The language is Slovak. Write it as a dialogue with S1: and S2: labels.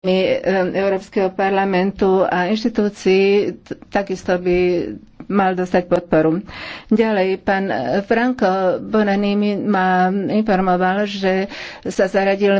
S1: Európskeho parlamentu a inštitúcií takisto by mal dostať podporu. Ďalej, pán Franco Bonanimi ma informoval, že sa zaradil